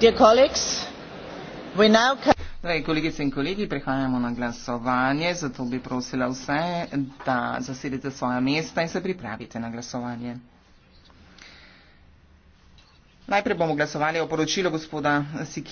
Drage kolegice in kolegi, prehajamo na glasovanje, zato bi prosila vse, da zasedete svoja mesta in se pripravite na glasovanje. Najprej bomo glasovali o poročilu gospoda Sikirja.